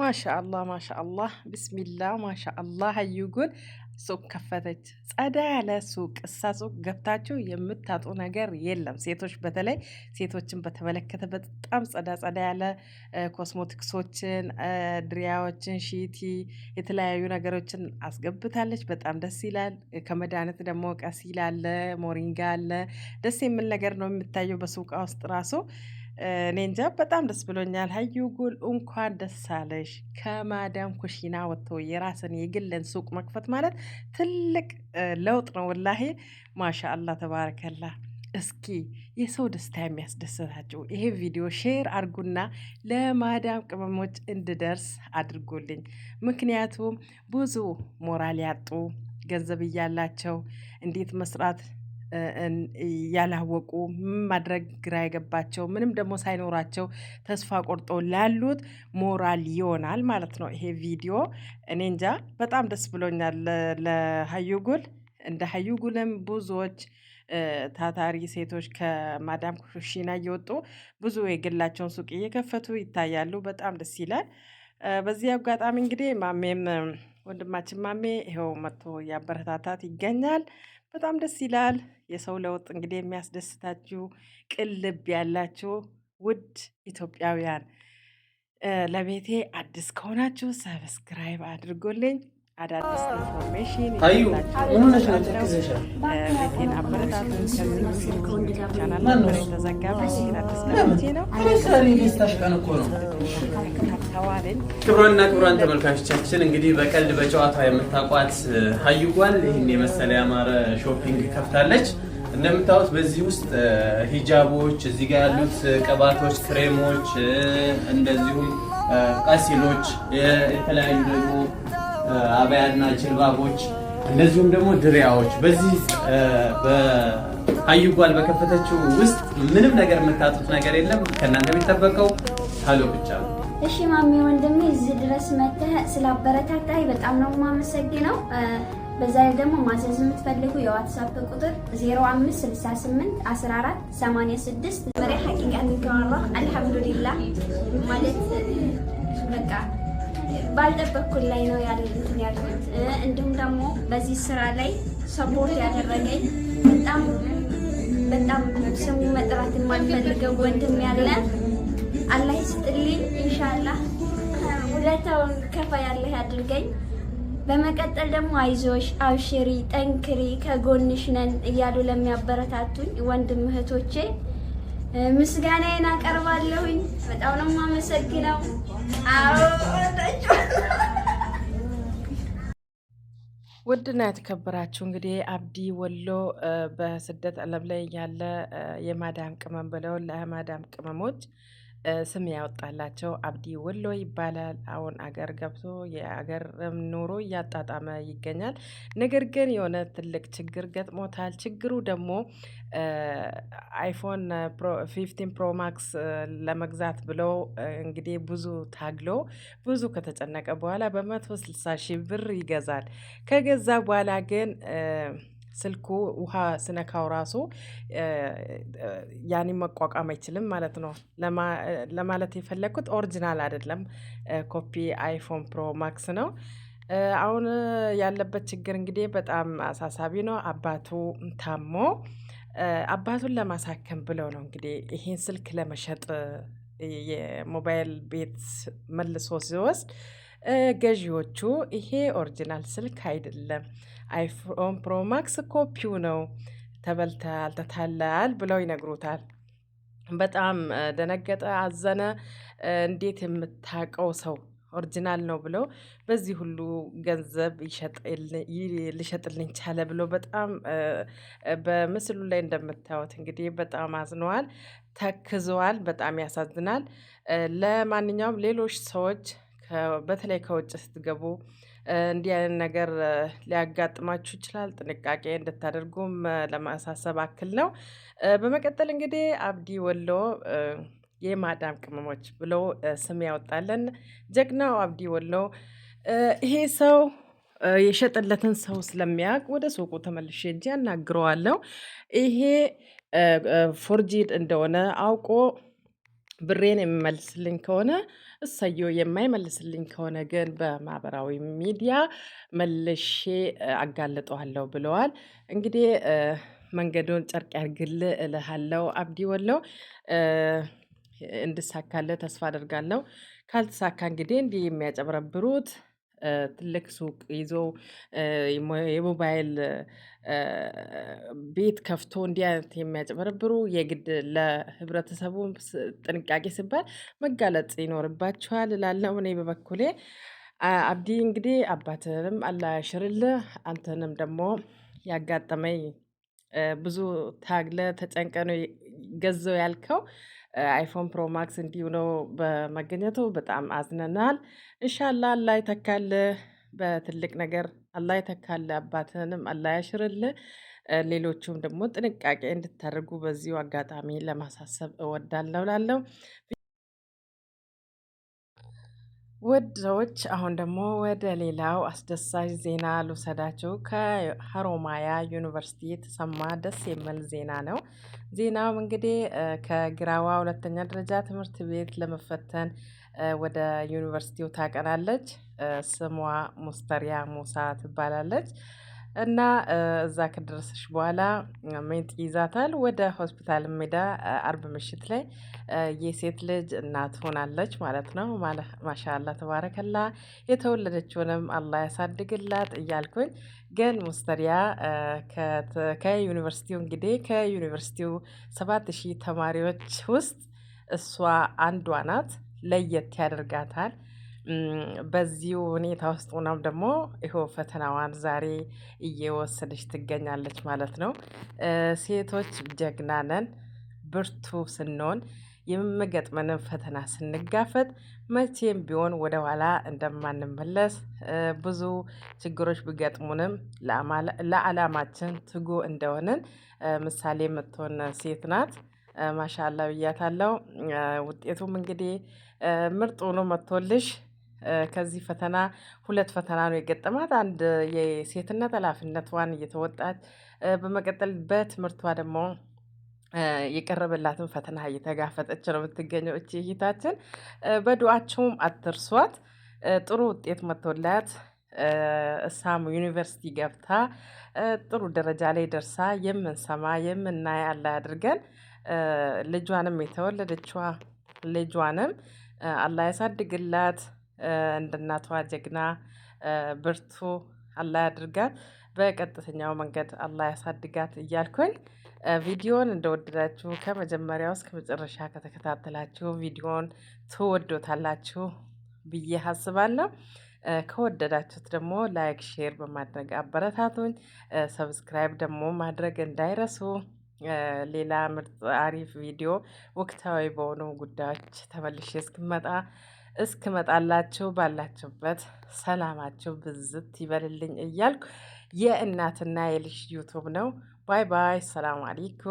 ማሻአላ ማሻአላ ብስሚላ ማሻአላ ሀዩጉን ሱቅ ከፈተች። ጸዳ ያለ ሱቅ። እሳ ሱቅ ገብታችሁ የምታጡ ነገር የለም። ሴቶች በተለይ ሴቶችን በተመለከተ በጣም ጸዳ ጸዳ ያለ ኮስሞቲክሶችን፣ ድሪያዎችን፣ ሺቲ የተለያዩ ነገሮችን አስገብታለች። በጣም ደስ ይላል። ከመድኃኒት ደግሞ ቀሲል አለ፣ ሞሪንጋ አለ። ደስ የሚል ነገር ነው የሚታየው በሱቃ ውስጥ ራሱ እኔ እንጃ በጣም ደስ ብሎኛል። ሀዩ ጉል እንኳን ደስ አለሽ። ከማዳም ኩሽና ወጥቶ የራስን የግለን ሱቅ መክፈት ማለት ትልቅ ለውጥ ነው። ወላሄ ማሻ ተባረከላ። እስኪ የሰው ደስታ የሚያስደስታቸው ይሄ ቪዲዮ ሼር አድርጉና ለማዳም ቅመሞች እንድደርስ አድርጉልኝ። ምክንያቱም ብዙ ሞራል ያጡ ገንዘብ እያላቸው እንዴት መስራት ያላወቁ ማድረግ ግራ የገባቸው ምንም ደግሞ ሳይኖራቸው ተስፋ ቆርጦ ላሉት ሞራል ይሆናል ማለት ነው። ይሄ ቪዲዮ እኔ እንጃ በጣም ደስ ብሎኛል። ለሀዩ ጉል እንደ ሃዩ ጉልም ብዙዎች ታታሪ ሴቶች ከማዳም ኩሽና እየወጡ ብዙ የግላቸውን ሱቅ እየከፈቱ ይታያሉ። በጣም ደስ ይላል። በዚህ አጋጣሚ እንግዲህ ማሜም ወንድማችን ማሜ ይኸው መጥቶ እያበረታታት ይገኛል። በጣም ደስ ይላል። የሰው ለውጥ እንግዲህ የሚያስደስታችሁ ቅልብ ያላችሁ ውድ ኢትዮጵያውያን፣ ለቤቴ አዲስ ከሆናችሁ ሰብስክራይብ አድርጎልኝ አዳዲስ ኢንፎርሜሽን ቤቴን አበረታቱ። ከዚህ ቻናል ነበር አዲስ ነው ክብሯንና ክብሯን ተመልካቾቻችን እንግዲህ በቀልድ በጨዋታ የምታውቋት ሀይጓል ይህን የመሰለ ያማረ ሾፒንግ ከፍታለች። እንደምታዩት በዚህ ውስጥ ሂጃቦች፣ እዚህ ጋር ያሉት ቅባቶች፣ ክሬሞች እንደዚሁም ቀሲሎች የተለያዩ ደግሞ አባያና ጅልባቦች እንደዚሁም ደግሞ ድሪያዎች በዚህ በሀይጓል በከፈተችው ውስጥ ምንም ነገር የምታጡት ነገር የለም። ከእናንተ የሚጠበቀው ሀሎ ብቻ ነው። እሺ ማሜ ወንድሜ፣ እዚህ ድረስ መተህ ስላበረታታይ በጣም ነው የማመሰግነው። በዛ ደግሞ ማዘዝ የምትፈልጉ የዋትሳፕ ቁጥር 0568 14 86 መሪ ሀቂቃ ንከዋላ አልሐምዱሊላህ ማለት በቃ ባልጠበኩት ላይ ነው ያሉት ያሉት። እንዲሁም ደግሞ በዚህ ስራ ላይ ሰፖርት ያደረገኝ በጣም በጣም ስሙ መጥራት የማልፈልገው ወንድም ያለ አላህ ይስጥልኝ። ኢንሻአላህ ሁለታውን ከፋ ያለ ያድርገኝ። በመቀጠል ደግሞ አይዞሽ፣ አብሽሪ፣ ጠንክሪ ከጎንሽ ነን እያሉ ለሚያበረታቱኝ ወንድም እህቶቼ ምስጋናዬን አቀርባለሁኝ። በጣም ነው የማመሰግነው። ውድና የተከበራችሁ እንግዲህ አብዲ ወሎ በስደት ዓለም ላይ ያለ የማዳም ቅመም ብለው ለማዳም ቅመሞች ስም ያወጣላቸው አብዲ ወሎ ይባላል። አሁን አገር ገብቶ የአገር ኑሮ እያጣጣመ ይገኛል። ነገር ግን የሆነ ትልቅ ችግር ገጥሞታል። ችግሩ ደግሞ አይፎን ፊፍቲን ፕሮ ማክስ ለመግዛት ብለው እንግዲህ ብዙ ታግሎ ብዙ ከተጨነቀ በኋላ በመቶ ስልሳ ሺህ ብር ይገዛል። ከገዛ በኋላ ግን ስልኩ ውሃ ስነካው ራሱ ያኔ መቋቋም አይችልም ማለት ነው። ለማለት የፈለግኩት ኦሪጂናል አይደለም ኮፒ አይፎን ፕሮ ማክስ ነው። አሁን ያለበት ችግር እንግዲህ በጣም አሳሳቢ ነው። አባቱ ታሞ አባቱን ለማሳከም ብለው ነው እንግዲህ ይሄን ስልክ ለመሸጥ የሞባይል ቤት መልሶ ሲወስድ ገዢዎቹ ይሄ ኦሪጂናል ስልክ አይደለም አይፎን ፕሮማክስ ኮፒው ነው ተበልተሃል፣ ተታለሃል ብለው ይነግሩታል። በጣም ደነገጠ፣ አዘነ። እንዴት የምታውቀው ሰው ኦሪጂናል ነው ብለው በዚህ ሁሉ ገንዘብ ልሸጥልኝ ቻለ ብሎ በጣም በምስሉ ላይ እንደምታዩት እንግዲህ በጣም አዝነዋል፣ ተክዘዋል። በጣም ያሳዝናል። ለማንኛውም ሌሎች ሰዎች በተለይ ከውጭ ስትገቡ እንዲህ አይነት ነገር ሊያጋጥማችሁ ይችላል። ጥንቃቄ እንድታደርጉም ለማሳሰብ አክል ነው። በመቀጠል እንግዲህ አብዲ ወሎ የማዳም ቅመሞች ብሎ ስም ያወጣለን ጀግናው አብዲ ወሎ። ይሄ ሰው የሸጠለትን ሰው ስለሚያውቅ ወደ ሱቁ ተመልሼ እንጂ ያናግረዋለሁ። ይሄ ፎርጂድ እንደሆነ አውቆ ብሬን የሚመልስልኝ ከሆነ እሰየው፣ የማይመልስልኝ ከሆነ ግን በማህበራዊ ሚዲያ መልሼ አጋልጠዋለሁ ብለዋል። እንግዲህ መንገዱን ጨርቅ ያርግል እልሃለው አብዲ ወለው እንድሳካለ ተስፋ አደርጋለሁ። ካልተሳካ እንግዲህ እንዲህ የሚያጨብረብሩት ትልቅ ሱቅ ይዞ የሞባይል ቤት ከፍቶ እንዲህ አይነት የሚያጭበረብሩ የግድ ለህብረተሰቡ ጥንቃቄ ሲባል መጋለጥ ይኖርባቸዋል እላለሁ። እኔ በበኩሌ አብዲ እንግዲህ አባትንም አላህ ያሽርልህ አንተንም ደግሞ ያጋጠመኝ ብዙ ታግለ ተጨንቀህ ነው ገዛው ያልከው አይፎን ፕሮማክስ እንዲሁ ነው በመገኘቱ በጣም አዝነናል። እንሻላ አላ ይተካል በትልቅ ነገር አላ ይተካል። አባትንም አላ ያሽርል። ሌሎቹም ደግሞ ጥንቃቄ እንድታደርጉ በዚሁ አጋጣሚ ለማሳሰብ እወዳለሁ እላለሁ። ውድ ሰዎች አሁን ደግሞ ወደ ሌላው አስደሳች ዜና ልውሰዳችሁ። ከሀሮማያ ዩኒቨርሲቲ የተሰማ ደስ የሚል ዜና ነው። ዜናው እንግዲህ ከግራዋ ሁለተኛ ደረጃ ትምህርት ቤት ለመፈተን ወደ ዩኒቨርሲቲው ታቀናለች። ስሟ ሙስተሪያ ሙሳ ትባላለች። እና እዛ ከደረሰች በኋላ ምጥ ይዛታል። ወደ ሆስፒታል ሜዳ አርብ ምሽት ላይ የሴት ልጅ እናት ሆናለች ማለት ነው። ማሻላ ተባረከላ። የተወለደችውንም አላህ ያሳድግላት እያልኩኝ ግን ሙስተሪያ ከዩኒቨርሲቲው እንግዲህ ከዩኒቨርሲቲው ሰባት ሺህ ተማሪዎች ውስጥ እሷ አንዷ ናት። ለየት ያደርጋታል። በዚሁ ሁኔታ ውስጥ ሆናም ደግሞ ይኸው ፈተናዋን ዛሬ እየወሰደች ትገኛለች ማለት ነው። ሴቶች ጀግና ነን። ብርቱ ስንሆን የምንገጥመንን ፈተና ስንጋፈጥ መቼም ቢሆን ወደ ኋላ እንደማንመለስ ብዙ ችግሮች ቢገጥሙንም ለዓላማችን ትጉ እንደሆንን ምሳሌ የምትሆን ሴት ናት። ማሻላ ብያታለው። ውጤቱም እንግዲህ ምርጥ ሆኖ መጥቶልሽ ከዚህ ፈተና ሁለት ፈተና ነው የገጠማት። አንድ የሴትነት ኃላፊነቷን እየተወጣች በመቀጠል በትምህርቷ ደግሞ የቀረበላትን ፈተና እየተጋፈጠች ነው የምትገኘው። እቺ እህታችን በዱዓችሁም አትርሷት። ጥሩ ውጤት መጥቶላት እሳም ዩኒቨርሲቲ ገብታ ጥሩ ደረጃ ላይ ደርሳ የምንሰማ የምናይ አላ አድርገን ልጇንም የተወለደችዋ ልጇንም አላ ያሳድግላት። እንደ እናቷ ጀግና ብርቱ አላህ ያድርጋት፣ በቀጥተኛው መንገድ አላህ ያሳድጋት እያልኩኝ ቪዲዮን እንደወደዳችሁ ከመጀመሪያው እስከ መጨረሻ ከተከታተላችሁ ቪዲዮን ትወዶታላችሁ ብዬ አስባለሁ። ከወደዳችሁት ደግሞ ላይክ፣ ሼር በማድረግ አበረታቱኝ። ሰብስክራይብ ደግሞ ማድረግ እንዳይረሱ። ሌላ ምርጥ አሪፍ ቪዲዮ ወቅታዊ በሆኑ ጉዳዮች ተመልሼ እስክመጣ እስክመጣላችሁ ባላችሁበት ሰላማችሁ ብዝት ይበልልኝ እያልኩ የእናትና የልጅ ዩቱብ ነው። ባይ ባይ። ሰላም አሌይኩም